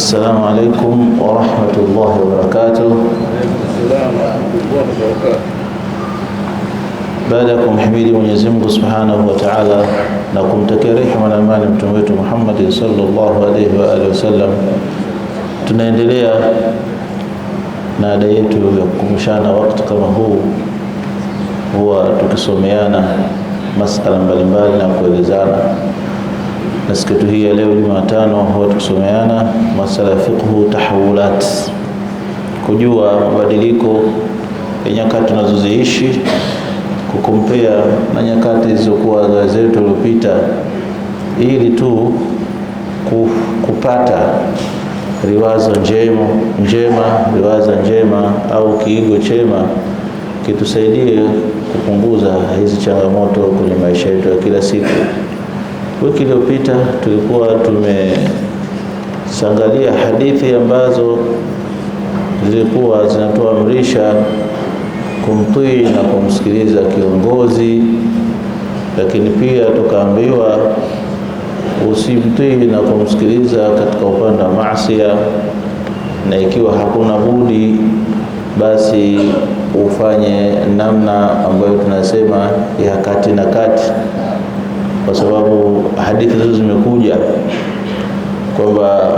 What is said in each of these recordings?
Assalamu alaikum warahmatullahi wabarakatuh. Baada ya kumhimidi Mwenyezi Mungu Subhanahu wa Ta'ala na kumtakia rehema na amani mtume wetu Muhammad sallallahu alaihi wa alihi wasallam, tunaendelea na ada yetu ya kukumbushana wakati kama huu, huwa tukisomeana masala mbalimbali na kuelezana na siku hii ya leo Jumatano huwa tukisomeana masala ya fiqhu tahawulat, kujua mabadiliko ya nyakati tunazoziishi kukompea na nyakati zilizokuwa za zetu zilizopita, ili tu kupata riwaza njema, njema riwaza njema au kiigo chema kitusaidie kupunguza hizi changamoto kwenye maisha yetu ya kila siku. Wiki iliyopita tulikuwa tumesangalia hadithi ambazo zilikuwa zinatuamrisha kumtii na kumsikiliza kiongozi, lakini pia tukaambiwa usimtii na kumsikiliza katika upande wa maasi, na ikiwa hakuna budi basi ufanye namna ambayo tunasema ya kati na kati kwa sababu hadithi hizo zimekuja kwamba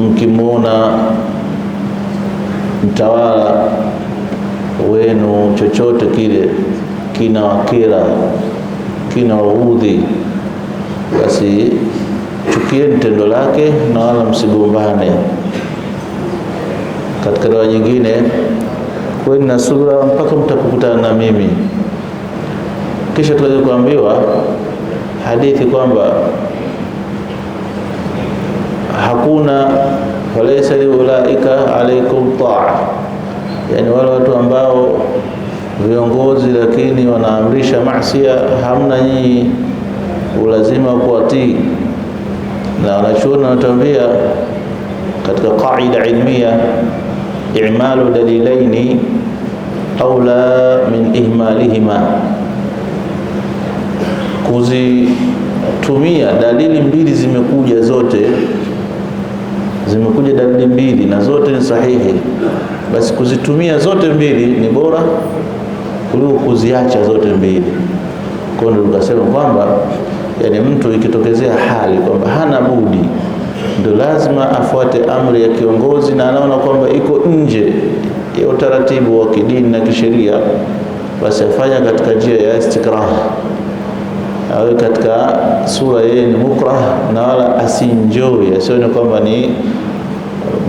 mkimwona mtawala wenu chochote kile kina wakera kina waudhi, basi chukieni tendo lake na wala msigombane. Katika dawa nyingine, kweni na mpaka mtakukutana na mimi. Kisha tuweze kuambiwa hadithi kwamba hakuna walaysa liulaika alaikum taa, yani wale watu ambao viongozi lakini wanaamrisha masia, hamna nyinyi ulazima kuwatii. Na wanachuoni wanatuambia katika qaida ilmia, i'malu dalilaini aula min ihmalihima kuzitumia dalili mbili zimekuja zote, zimekuja dalili mbili na zote ni sahihi, basi kuzitumia zote mbili ni bora kuliko kuziacha zote mbili. Kwa ndio tukasema kwamba yani, mtu ikitokezea hali kwamba hana budi, ndio lazima afuate amri ya kiongozi na anaona kwamba iko nje ya utaratibu wa kidini na kisheria, basi afanya katika njia ya istikrah awe katika sura yeye ni mukrah na wala asinjoi, asione kwamba ni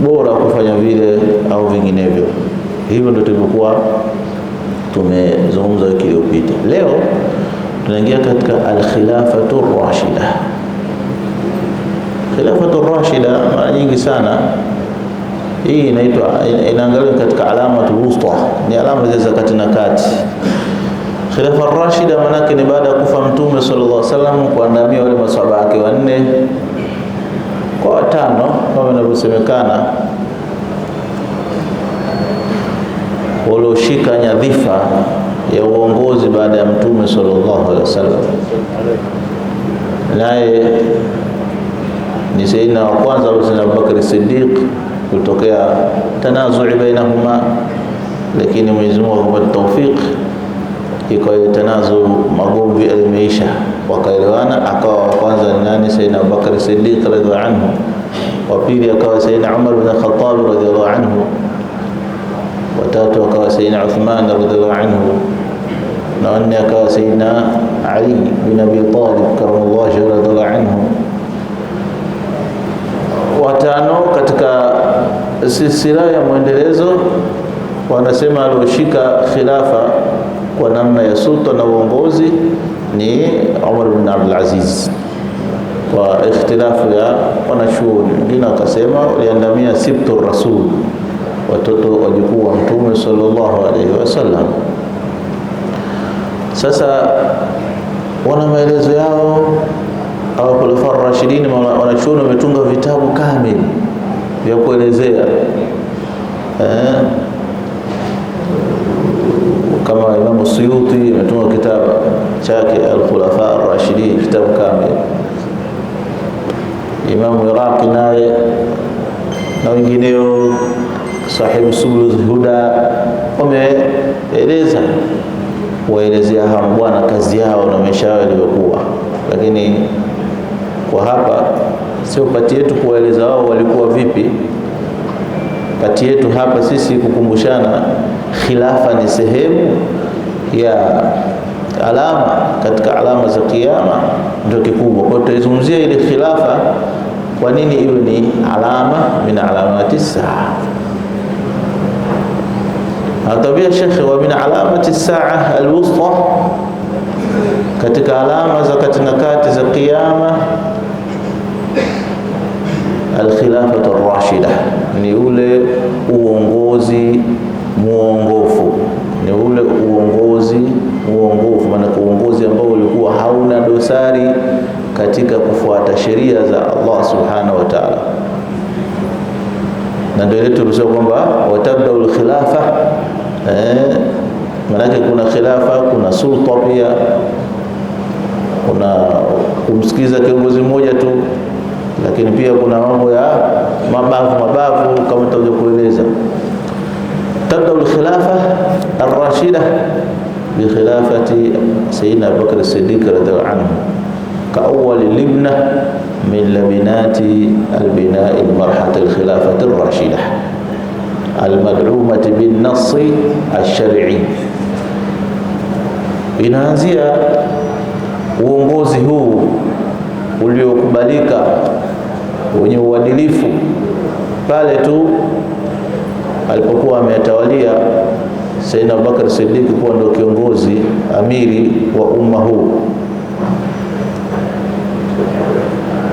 bora kufanya vile au vinginevyo. Hivyo ndio tulivyokuwa tumezungumza wiki iliyopita. Leo tunaingia katika alkhilafatu rashida. Khilafatu rashida mara nyingi sana hii inaitwa inaangaliwa katika alamatul wusta, ni alama za kati na kati Khilafa Rashida manake ni baada ya kufa Mtume sallallahu alaihi wasallam, kuandamia wale maswahaba wake wanne kwa watano kama inavyosemekana, walioshika nyadhifa ya uongozi baada ya Mtume sallallahu alaihi wasallam, naye ni Saidina wa kwanza Saidina Abubakar Siddiq, kutokea tanazui bainahuma, lakini Mwenyezi Mungu akupa tawfiki tanazu magomvi yalimeisha, wakaelewana. Akawa wa kwanza ni nani? Sayyidina Abubakar Siddiq radhiallahu anhu, wa pili akawa Sayyidina Umar bin Khattab radhiallahu anhu, watatu akawa Sayyidina Uthman radhiallahu anhu, na wanne akawa Sayyidina Ali bin Abi Talib karamallahu radhiallahu anhu, watano katika silsila ya mwendelezo wanasema alioshika khilafa kwa namna ya sulta na uongozi ni Umar bin Abdul Aziz, kwa ikhtilafu ya wanachuoni. Wengine wakasema waliandamia sibtu rasul, watoto wajukuu wa Mtume sallallahu alaihi wasallam. Sasa wana maelezo yao au khulafaa rashidin, wanachuoni wametunga vitabu kamili vya kuelezea eh kama Imamu Suyuti ametunga kitabu chake Al-Khulafa Ar-Rashidin, kitabu kamili. Imamu Iraqi naye na wengineo, sahibu Subul Huda wameeleza waelezea hawa bwana kazi yao na maisha yao yalivyokuwa, lakini kwa hapa sio pati yetu kuwaeleza wao walikuwa vipi, pati yetu hapa sisi kukumbushana khilafa ni sehemu ya alama katika alama za kiyama, ndio kikubwa. Kwa hiyo tutaizungumzia ile khilafa, kwa nini iwe ni alama min alamati saa. Atawambia shekhe, wa min alamati saa alwusta, katika alama za kati na kati za kiyama alkhilafatu rashida, ni ule uongozi muongofu ni ule uongozi uongofu, maana uongozi ambao ulikuwa hauna dosari katika kufuata sheria za Allah subhanahu wa ta'ala, na ndio ile tulisema kwamba watabdau lkhilafa eh, maanake kuna khilafa, kuna sulta pia, kuna kumsikiza kiongozi mmoja tu, lakini pia kuna mambo ya mabavu mabavu kama kueleza تبدأ الخلافة الراشدة بخلافة سيدنا أبو بكر الصديق رضي الله عنه كأول لبنة من لبنات البناء المرحة الخلافة الراشدة المدعومة بالنص الشرعي inaanzia uongozi huu uliokubalika wenye uadilifu pale tu alipokuwa ametawalia Sayyidina Abubakar Siddiq kuwa ndio kiongozi amiri wa umma huu.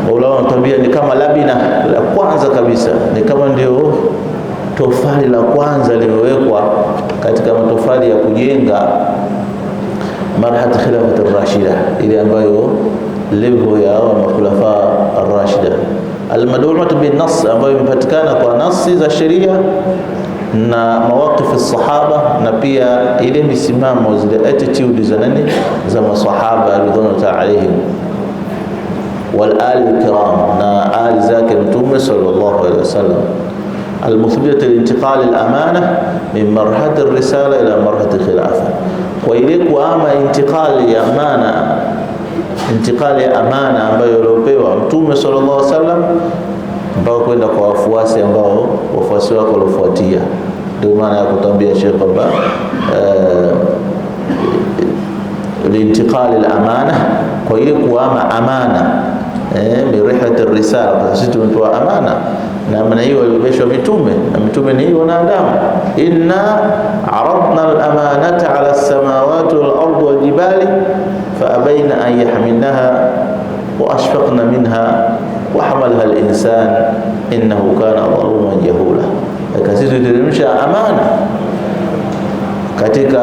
Waulama wanatuambia ni kama labina la kwanza kabisa, ni kama ndio tofali la kwanza lilowekwa katika matofali ya kujenga marhat khilafat ar-rashida, ile ambayo levo ya makhulafa ar-rashida al-madulatu bin ambayo imepatikana kwa nasi za sheria na mawaqifu sahaba na pia ile misimamo zile attitude za nani za masahaba radhiallahu alaihim wal ali kiram na ali zake mtume sallallahu alaihi wasallam almuthbita lintiqal alamana min marhat risala ila marhat khilafa, kwa ile kuama intiqali ya amana intiqali ya amana ambayo aliopewa mtume sallallahu alaihi wasallam mpaka kwenda kwa wafuasi ambao wafuasi wako waliofuatia. Ndio maana ya kutambia Sheikh kwamba lintiqali al-amana, kwa ile kuama amana eh, birihati risala, kwa sisi tumepewa amana na maana hiyo walivyoshwa mitume na mitume ni hiyo wanadamu. inna aradna al-amanata ala as-samawati wal-ardi wal-jibali faabaina an yahmilnaha wa ashfaqna minha wa hamalha al-insan innahu kana dhaluman jahula. Lakini sisi tuteremsha amana katika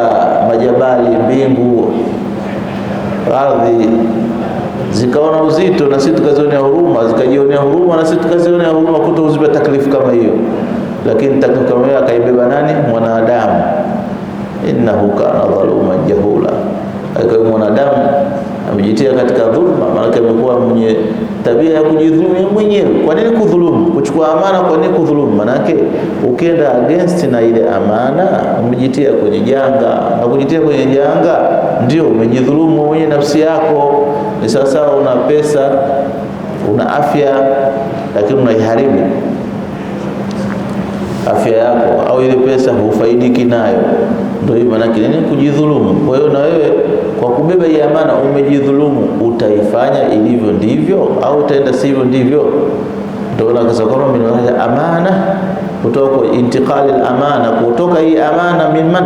majabali, mbingu, ardhi zikaona uzito na sisi tukazionea huruma, zikajionea huruma na sisi tukazionea huruma, kutozipa taklifu kama hiyo. Lakini taklifu kama hiyo akaibeba nani? Mwanadamu. innahu kana dhaluman jahula, akawa mwanadamu Amejitia katika dhulma, maana amekuwa mwenye tabia ya kujidhulumu mwenyewe. Kwa nini kudhulumu? Kuchukua amana, kwa nini kudhulumu? Maanake ukienda against na ile amana, umejitia kwenye janga, na kujitia kwenye janga ndio umejidhulumu mwenye nafsi yako. Ni sawasawa, una pesa, una afya, lakini unaiharibu afya yako, au ile pesa hufaidiki nayo ndio hivyo, maana kinene Kujidhulumu. Kwa hiyo na wewe kwa kubeba hii amana umejidhulumu, utaifanya ilivyo ndivyo au utaenda sivyo ndivyo? Ndio na kasa kwa mimi na amana kutoka al amana kutoka hii amana min man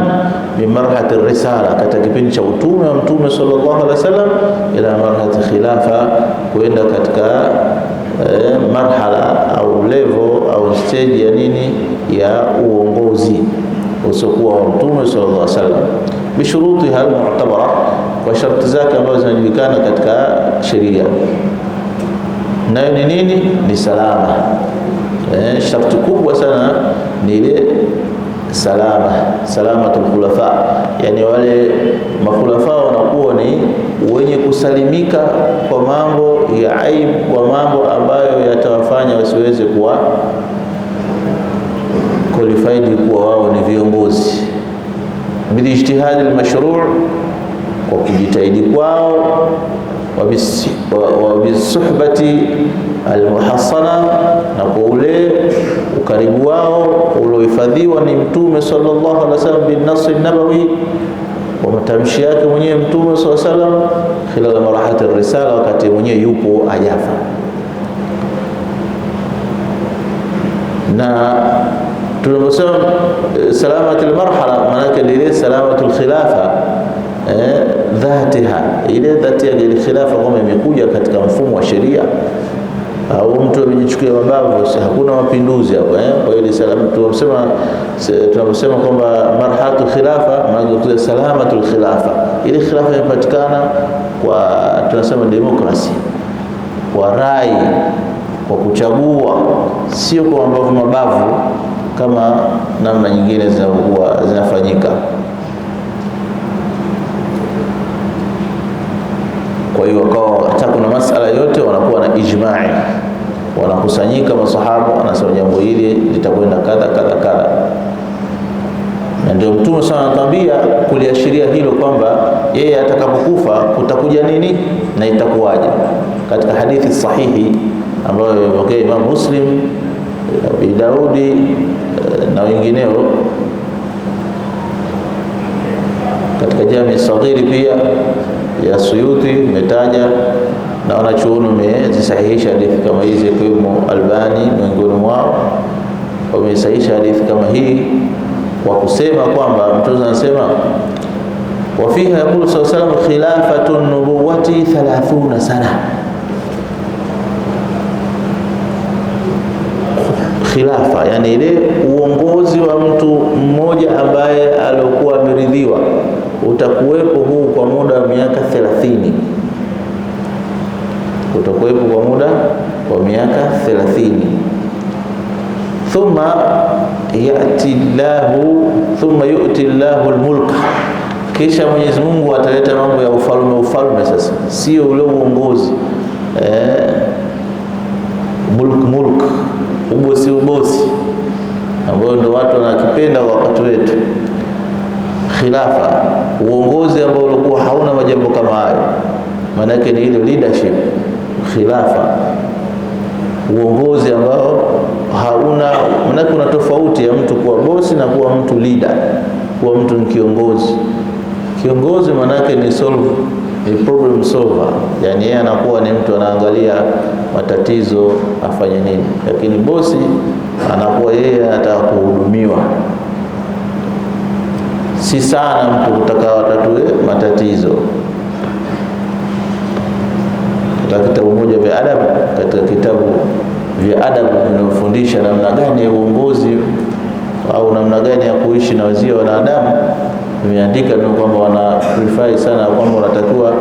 min marhati risala, katika kipindi cha utume wa Mtume sallallahu alaihi wasallam ila marhati khilafa, kwenda katika eh, marhala au level au stage ya nini ya uongozi usiokuwa wa Mtume sallallahu alaihi wasallam, bishurutiha almu'tabara, kwa sharti zake ambazo zinajulikana katika sheria. Nayo ni nini? Ni salama. Eh, sharti kubwa sana ni ile salama, salamatul khulafa, yani wale makhulafa wanakuwa ni wenye kusalimika kwa mambo ya aibu, kwa mambo ambayo yatawafanya wasiweze kuwa qualified kuwa wao ni viongozi bilijtihadi lmashru kwa kujitahidi kwao, wa bisuhbati almuhasana na kwa ule ukaribu wao uliohifadhiwa ni Mtume sallallahu alaihi wasallam bin nabawi kwa matamshi yake mwenyewe Mtume sallallahu alaihi khilal marahati risala, wakati mwenyewe yupo ajafa na Tunaposema eh, salamatul marhala, yake ni ile salamatul khilafa eh, dhatiha ile dhatiha ile khilafa kama imekuja katika mfumo wa sheria au mtu amejichukulia mabavu, hakuna mapinduzi hapo eh. Kwa hiyo salamu tunasema tunasema kwamba marhatu khilafa maana salamatul khilafa, ile khilafa imepatikana kwa tunasema demokrasi, kwa rai, kwa kuchagua, sio kwa mabavu mabavu kama namna nyingine zinazokuwa zinafanyika. Kwa hiyo kawa hata kuna masala yote wanakuwa na ijmai, wanakusanyika masahaba, wanasema jambo hili litakwenda kadha kadha kadha, na ndio Mtume sana anatuambia kuliashiria hilo kwamba yeye atakapokufa kutakuja nini na itakuwaje, katika hadithi sahihi ambayo imepokea Imam Muslim, Abi Daudi na wengineo katika jami saghiri pia ya Suyuti umetaja na wanachuoni wamezisahihisha hadithi kama hizi, ikiwemo Albani miongoni mwao wamesahihisha hadithi kama hii kwa kusema kwamba mtume anasema wa fiha yaqulu sallallahu alayhi wasallam khilafatu nubuwati 30 sana khilafa, yani ile uongozi wa mtu mmoja ambaye aliokuwa ameridhiwa utakuwepo huu kwa muda wa miaka 30, utakuwepo kwa muda wa miaka 30. Thumma yati llahu thumma yuti llahu almulka, kisha Mwenyezi Mungu ataleta mambo ya ufalme. Ufalme sasa sio ule uongozi eh, mulk mulk ubosi ubosi ambao ndio watu wanakipenda wakati wetu, khilafa, uongozi ambao ulikuwa hauna majambo kama hayo. Maana yake ni ile leadership, khilafa, uongozi ambao hauna. Maana kuna tofauti ya mtu kuwa bosi na kuwa mtu leader, kuwa mtu ni kiongozi. Kiongozi maana yake ni solve ni problem solver, yani yeye anakuwa ni mtu anaangalia matatizo afanye nini, lakini bosi anakuwa yeye anataka kuhudumiwa. Si sana mtu kutaka watatue matatizo. Katika kitabu moja vya adabu, katika kitabu vya adabu vinaofundisha namna gani ya uongozi au namna gani ya kuishi na wazia wanadamu Nimeandika tu kwamba wana prefer sana kwamba unatakiwa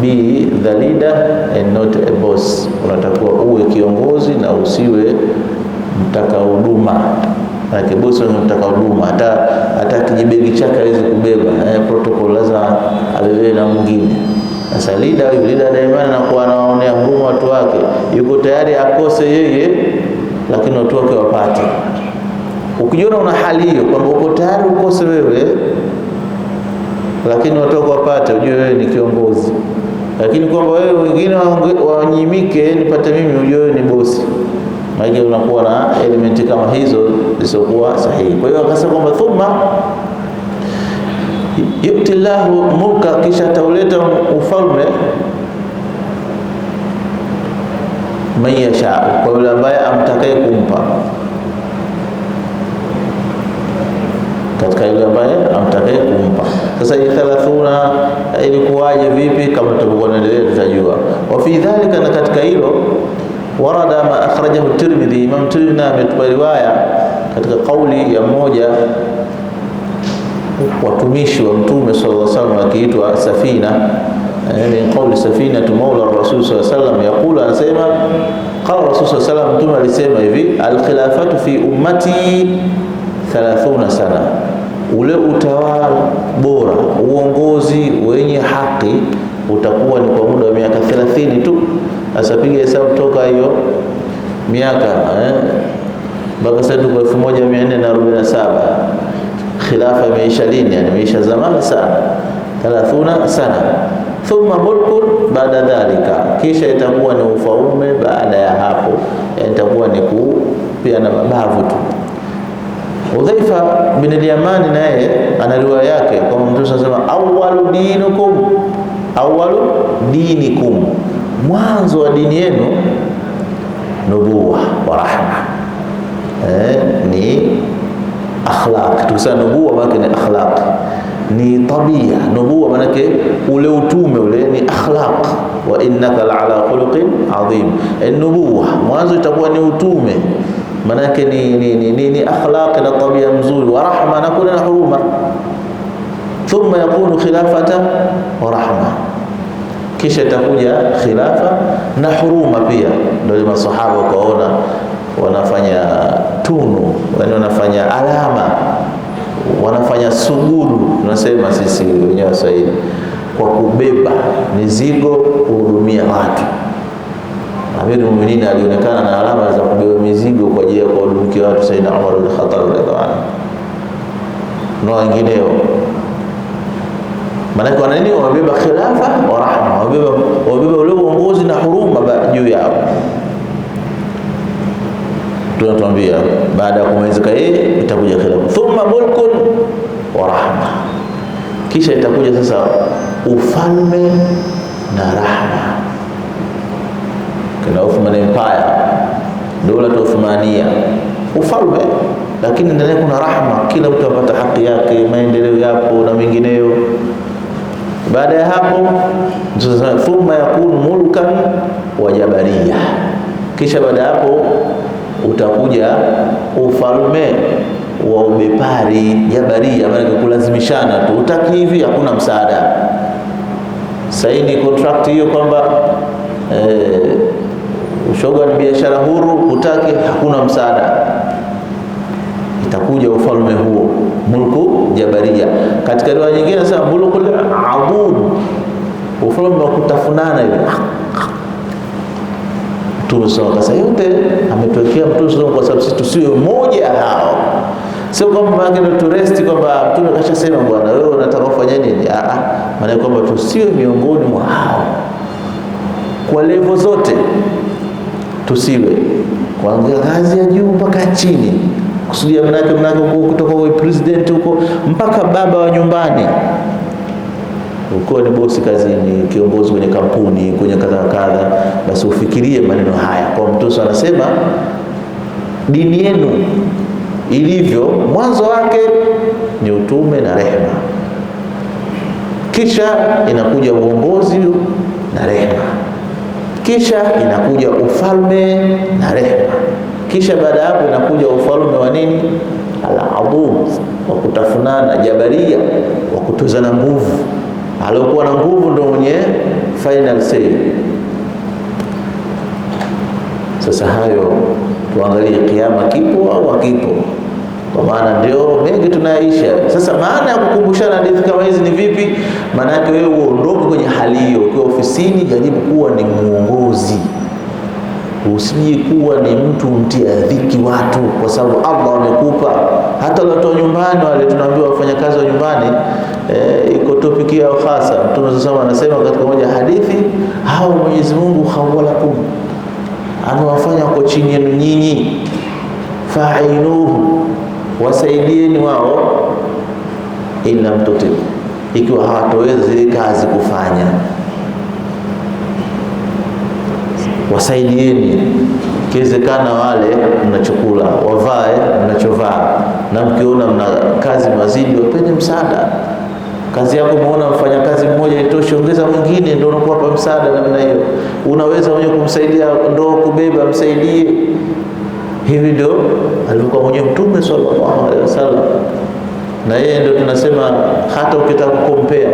be the leader and not a boss. Unatakiwa uwe kiongozi na usiwe mtaka huduma. Maana bosi ni mtaka huduma, hata hata kijibegi chake hawezi kubeba. Eh, protocol lazima abebe na mwingine. Sasa leader huyu leader na kuwa anaonea huruma watu wake, yuko tayari akose yeye, lakini watu wake wapate. Ukijiona una hali hiyo kwamba uko tayari ukose wewe lakini watoka wapate, ujue wewe ni kiongozi. Lakini kwamba wewe wengine wanyimike nipate mimi, ujue wewe ni bosi, maana unakuwa na elementi kama hizo zisizokuwa sahihi. Kwa hiyo akasema kwamba thumma yuti llahu mulka, kisha atauleta ufalme man yasha, kwa yule ambaye amtakaye kumpa katika yule ambaye amtakaye kumpa sasa thalathuna ilikuwaje vipi? Kama tutakuwa tunaendelea tutajua. Wa fi dhalika, na katika hilo warada ma akhrajahu Tirmidhi, Imam Tirmidhi ametupa riwaya katika kauli ya mmoja watumishi wa Mtume sallallahu alaihi wasallam akiitwa Safina, eh, min qauli Safina maula Rasul sallallahu alaihi wasallam yaqulu, anasema qala Rasul sallallahu alaihi wasallam, Mtume alisema hivi alkhilafatu fi ummati 30 sana ule utawala bora, uongozi wenye haki utakuwa ni kwa muda wa miaka 30 tu. Sasa piga hesabu toka hiyo miaka eh, mpaka eh, sasa tuko 1447 khilafa imeisha lini? Yani imeisha zamani sana, 30 sana. Thumma mulkun baada dhalika, kisha itakuwa ni ufaume baada ya hapo, itakuwa ni kupia na mabavu tu. Udhaifa bin al-Yamani naye ana riwaya yake kwa Mtume anasema awwalu dinukum, awwalu dinikum, mwanzo wa dini yenu nubuwa wa rahma. Eh, ni akhlaq tukisema nubuwa maana ni akhlaq ni tabia nubuwa manake ule utume ule ni akhlaq wa innaka la ala khuluqin adhim nubuwa mwanzo itakuwa ni utume Manake ni, ni, ni, ni, ni akhlaqi na tabia mzuri wa rahma na kule na huruma, thumma yakunu khilafata wa rahma, kisha itakuja khilafa na huruma pia. Ndio masahaba wakaona wanafanya tunu, yani wanafanya alama, wanafanya sugudu, tunasema sisi wenyewe Waswahili, kwa kubeba mizigo, kuhudumia watu Amiru Muminina alionekana na alama za kubeba mizigo kwa ajili ya kuwadumikia watu, Saidina Umar bin Khattab radhiallahu anhu na wengineo. Maanake wana nini? Wamebeba khilafa wa rahma, wamebeba ule uongozi na huruma juu yao. Tunatuambia baada ya kumalizika yeye itakuja khilafa, thumma mulkun wa rahma, kisha itakuja sasa ufalme na rahma na Ottoman Empire, dola ya Uthmania, ufalme, lakini ndani kuna rahma, kila mtu apata haki yake, maendeleo yapo na mengineyo. Baada ya hapo thumma yakunu mulkan wa jabaria, kisha baada ya hapo utakuja ufalme wa ubepari jabaria, maana kulazimishana tu, utaki hivi, hakuna msaada. Saini contract hiyo kwamba eh, Ushoga ni biashara huru, hutaki, hakuna msaada. Itakuja ufalme huo, mulku jabaria. Katika riwaya nyingine nasema al-abud, ufalme wa kutafunana hivi. Sasa yote ametuwekea Mtume kwa sababu sisi tusiwe moja hao, sio kwamba ndio turesti kwamba Mtume kashasema bwana, wewe unataka ufanye nini? Ah, ah. Maana kwamba tusiwe miongoni mwa hao kwa levo zote tusiwe kuanzia ngazi ya juu mpaka chini, kusudia mnake mnake kutoka kwa president huko mpaka baba wa nyumbani ukiwa ni bosi kazini, kiongozi kwenye kampuni, kwenye kadha kadha, basi ufikirie maneno haya. Kwa Mtusi anasema dini yenu ilivyo, mwanzo wake ni utume na rehema, kisha inakuja uongozi na rehema kisha inakuja ufalme na rehema. Kisha baada hapo inakuja ufalme wa nini? Al-adhum, wa kutafunana, jabaria, wa kutozana nguvu. Aliokuwa na nguvu ndio mwenye final say. Sasa hayo tuangalie, kiama kipo au hakipo? Kwa maana ndio mengi tunayaisha. Sasa maana ya kukumbushana hadithi kama hizi ni vipi? Maana yake wewe uondoke kwenye hali hiyo Kusini, jaribu kuwa ni mwongozi, usije kuwa ni mtu mtia dhiki watu, kwa sababu Allah amekupa hata watu wa nyumbani wale. Tunaambiwa wafanyakazi wa nyumbani eh, iko e, topiki yao hasa. Mtume sasa anasema katika moja hadithi, hao Mwenyezi Mungu khawalakum, anawafanya kwa chini yenu nyinyi, fa'inuhu, wasaidieni wao, ila mtote, ikiwa hawatoweza zile kazi kufanya wasaidieni, kiwezekana wale mnachokula, wavae mnachovaa, na mkiona mna kazi mazidi, wapeni msaada. Kazi yako umeona kazi mmoja itoshi, ongeza mwingine, ndio unakuwa hapa msaada namna hiyo. Unaweza mwenyewe kumsaidia ndoo kubeba, msaidie. Hivi ndio alivyokuwa mwenye Mtume sallallahu alaihi wasallam na yeye ndio tunasema hata ukitaka kukompea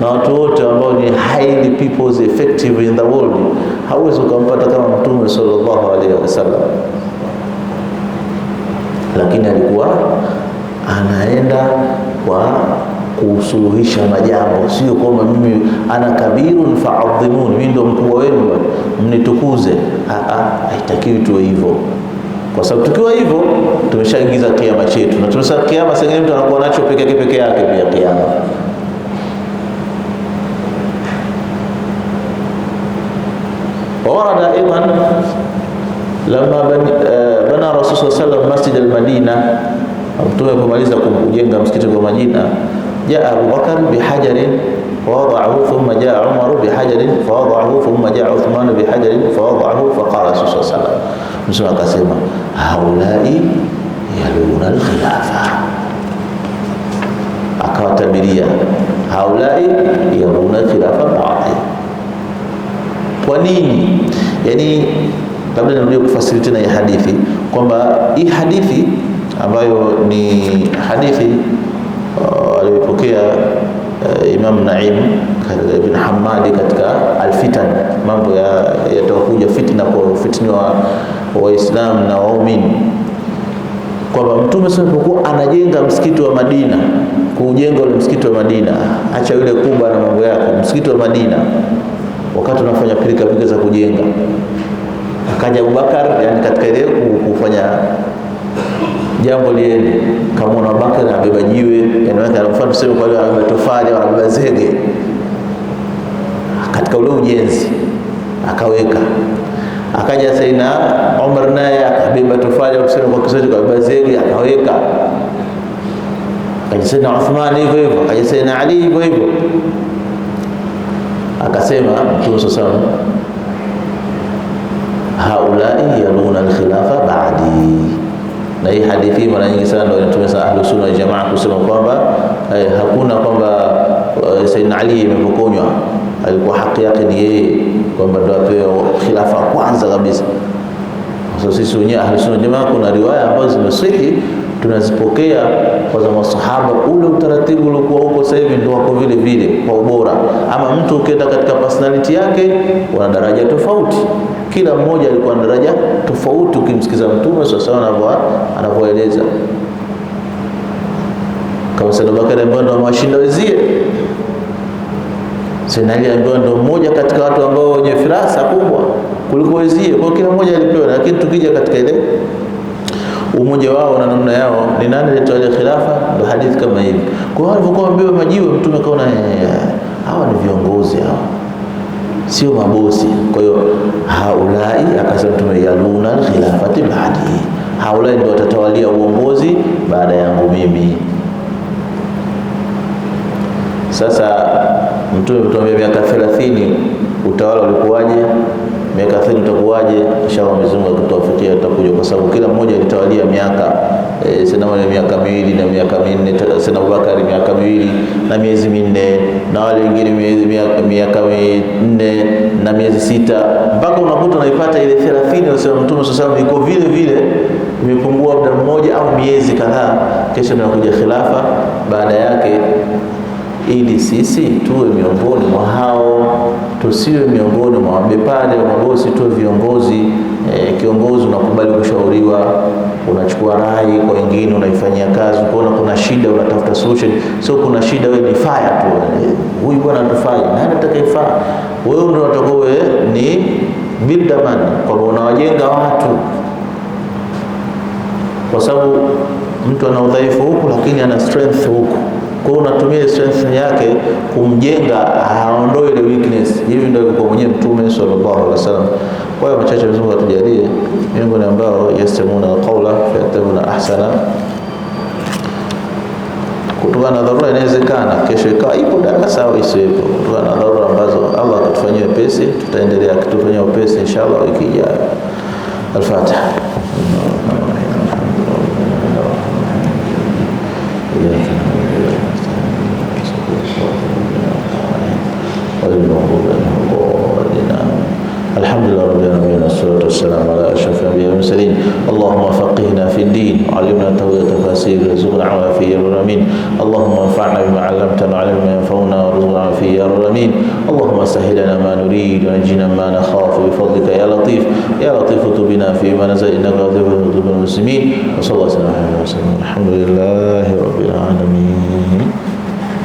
na watu wote ambao ni highly people effective in the world, hauwezi ukampata kama Mtume sallallahu alaihi wasallam, lakini alikuwa anaenda kwa kusuluhisha majambo, sio kwamba mimi ana kabirun faadhimuni, mimi ndio mkubwa wenu mnitukuze. Haitakiwi tuwe hivyo kwa sababu tukiwa hivyo tumeshaingiza kiama chetu, na tumesema kiama sengine mtu anakuwa nacho peke yake peke yake pia kiama. warada aidan lama eh, bana rasul sallallahu alaihi wasallam masjid almadina, Mtume alipomaliza kujenga msikiti kwa Madina, jaa Abubakar bihajarin فوضعه ثم جاء عمر بحجر فوضعه ثم جاء عثمان بحجر فوضعه فقال رسول الله صلى akasema haulai yaluna alkhilafa akawatabiria haulai yaluna alkhilafa baadhi kwa nini yani labda nirudie kufasiri tena hii hadithi kwamba hii hadithi ambayo ni hadithi uh, aliyopokea Eh, Imam Naim bin Hamadi katika Alfitan, mambo yatakuja ya fitna kwa kufitniwa Waislamu na waumini kwamba Mtume alipokuwa anajenga msikiti wa Madina, kujenga ule msikiti wa Madina, acha yule Kuba na mambo yake, msikiti wa Madina, wakati unafanya pilika pilika za kujenga, akaja Abubakar, yani katika ile kufanya jambo liende. Kama unabaki na beba jiwe, mfano tuseme kwa hiyo wanabeba tofali, au wanabeba zege, katika ule ujenzi akaweka akaja Saidna Omar naye akabeba tofali au tuseme kwa Kiswahili akabeba zege akaweka. Akaja Saidna Uthman hivyo hivyo, akaja Saidna Ali hivyo hivyo. Akasema Mtume sasa, haulai yaluna alkhilafa baadi hii hadithi mara nyingi sana ndio inatumia sana Sunna wal Jamaa kusema kwamba eh, hakuna kwamba eh, Sayyidina Ali imepokonywa, alikuwa haki yake ni yeye kwamba ndio apewe khilafa kwanza kabisa. Sasa sisi wenyewe ahlu Sunna wal Jamaa kuna riwaya ambazo zimesihi tunazipokea kwa masahaba, ule utaratibu uliokuwa huko sasa hivi ndio wako vile vile kwa ubora, ama mtu ukienda katika personality yake wana daraja tofauti. Kila mmoja alikuwa na daraja tofauti, ukimsikiza Mtume anavyo anavyoeleza kama Said Bakari ambaye ndo amewashinda wenzie. Said Ali ambaye ndo mmoja katika watu ambao wenye firasa kubwa kuliko wezie kwa kila mmoja alipewa. Lakini tukija katika ile umoja wao na namna yao, ni nani alitoa khilafa? Ndo hadithi kama hivi. Kwa hiyo alipokuwa amebeba majiwe Mtume kaona eh, hawa ni viongozi hawa sio mabosi. Kwa hiyo haulai, akasema Mtume yaluna khilafati baadi, haulai ndio watatawalia uongozi baada yangu mimi. Sasa Mtume mtuambia miaka 30 utawala ulikuwaje? miaka 30 utakuwaje? Inshallah Mwenyezi Mungu akituafikia tutakuja, kwa sababu kila mmoja alitawalia miaka e, sina wale miaka miwili na miaka minne, sina Abubakari miaka miwili na miezi minne, na wale wengine miezi miaka miaka minne na miezi sita, mpaka unakuta unaipata ile 30 nasema Mtume sallallahu iko vile vile, imepungua muda mmoja au miezi kadhaa, kisha kuja khilafa baada yake ili sisi tuwe miongoni mwa hao, tusiwe miongoni mwa mabepari au mabosi, tuwe viongozi. E, kiongozi unakubali kushauriwa, unachukua rai kwa wengine, unaifanyia kazi. Ukiona kuna shida unatafuta solution, sio kuna shida wewe ni fire tu, huyu bwana atufai, nani atakayefaa? Wewe ndio utakuwa ni builderman, kwa maana unawajenga watu, kwa sababu mtu ana udhaifu huku, lakini ana strength huku kwa hiyo unatumia strength yake kumjenga, aondoe ile weakness. Hivi ndio kwa mwenyewe Mtume sallallahu alaihi wasallam. Kwa hiyo machache mzungu atujalie miongoni ambao yastamuna alqaula fayatabuna ahsana kutokana na dharura, inawezekana kesho ikawa ipo darasa au isiwepo, kutokana na dharura ambazo Allah akatufanyia upesi. Tutaendelea kutufanyia upesi inshallah wiki ijayo. Al-Fatiha. المغضوب عليهم الضالين الحمد لله رب العالمين والصلاة والسلام على أشرف الأنبياء والمرسلين اللهم فقهنا في الدين وعلمنا التوحيد تفاسير وارزقنا عملا في يا العالمين اللهم انفعنا بما علمتنا وعلمنا ما ينفعنا وارزقنا فيه يا العالمين اللهم سهل لنا ما نريد ونجنا ما نخاف بفضلك يا لطيف يا لطيف بنا فيما نزل إنك لطيف ذنوب المسلمين وصلى الله وسلم على وسلم الحمد لله رب العالمين